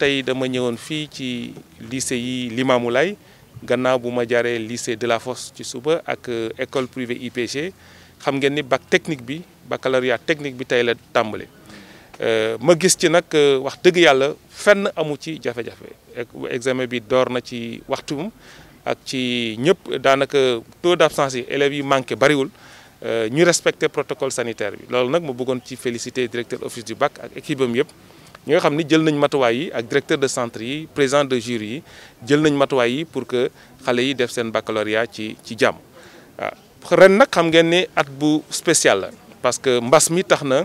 tay dama ñëwoon fi ci lycée yi Limamoulaye gannaaw bu ma lycée de la Fosse ci suba ak euh, école privée IPG xam ngeen ni bac technique bi baccalauréat technique bi tay la euh ma gis ci nak euh, wax deug yalla fenn amu ci jafé jafé examen bi door na ci waxtum ak ci ñëpp daanaka taux d'absence yi élèves yi manqué bariwul. Euh, ñu respecter protocole sanitaire bi loolu nak ma bëggoon ci féliciter directeur office du bac ak équipe am yépp ñi nga xam ni jël nañ matuwaay yi ak directeur de centre yi président de jury yi jël nañ matuwaay yi pour que xale yi def seen baccalauréat ci ci jam. waaw ren nag xam ngeen ni at bu spécial parce que mbas mi tax na.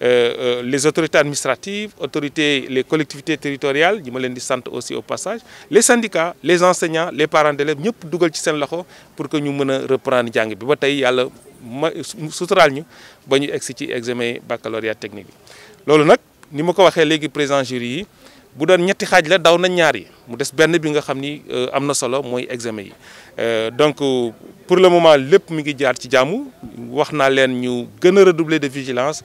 Euh, euh, les autorités administratives, autorités, les collectivités territoriales, je me sant aussi au passage, les syndicats, les enseignants, les parents d'élèves, nous dougal ci sen loxo pour que nous mëna reprendre jang bi ba tay yalla soutenir ñu ba ñu exci ci examen baccalauréat technique bi lolu nak ni ma ko waxé légui président jury yi bu doon ñetti xaaj la daw na ñaar yi mu des benn bi nga xam ni euh, solo examen yi donc pour le moment lépp mi ngi jaar ci jàmm wax naa leen ñu gën redoubler de vigilance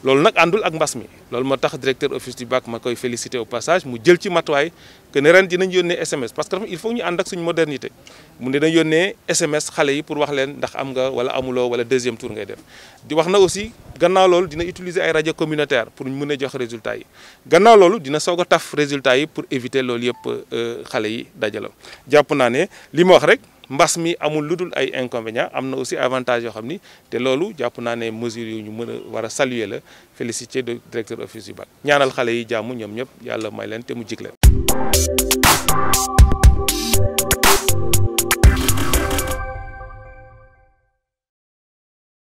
loolu nak andul ak mbas mi loolu tax directeur office du BAC makoy féliciter au passage mu jël ci matuwaay que ne ren dinañ yónnee SMS parce que il faut ñu and ak suñu modernité mu ne dañ SMS xalé yi pour wax leen ndax am nga wala amulo wala deuxième tour ngay def. di wax na aussi gannaaw loolu dina utiliser ay radio communautaire pour mën a jox résultat yi gannaaw loolu dina soog taf résultat yi pour éviter loolu yëpp euh, xalé yi dajaloo japp na né li mo wax rek. mbas mi amul ludul ay inconvénients am na aussi avantage yoo xam ni te loolu jàpp naa ne mesures yu ñu mën a war a la félicité de directeur office yu BAC ñaanal xale yi jàmm ñoom ñëpp yàlla may leen te mu jig leen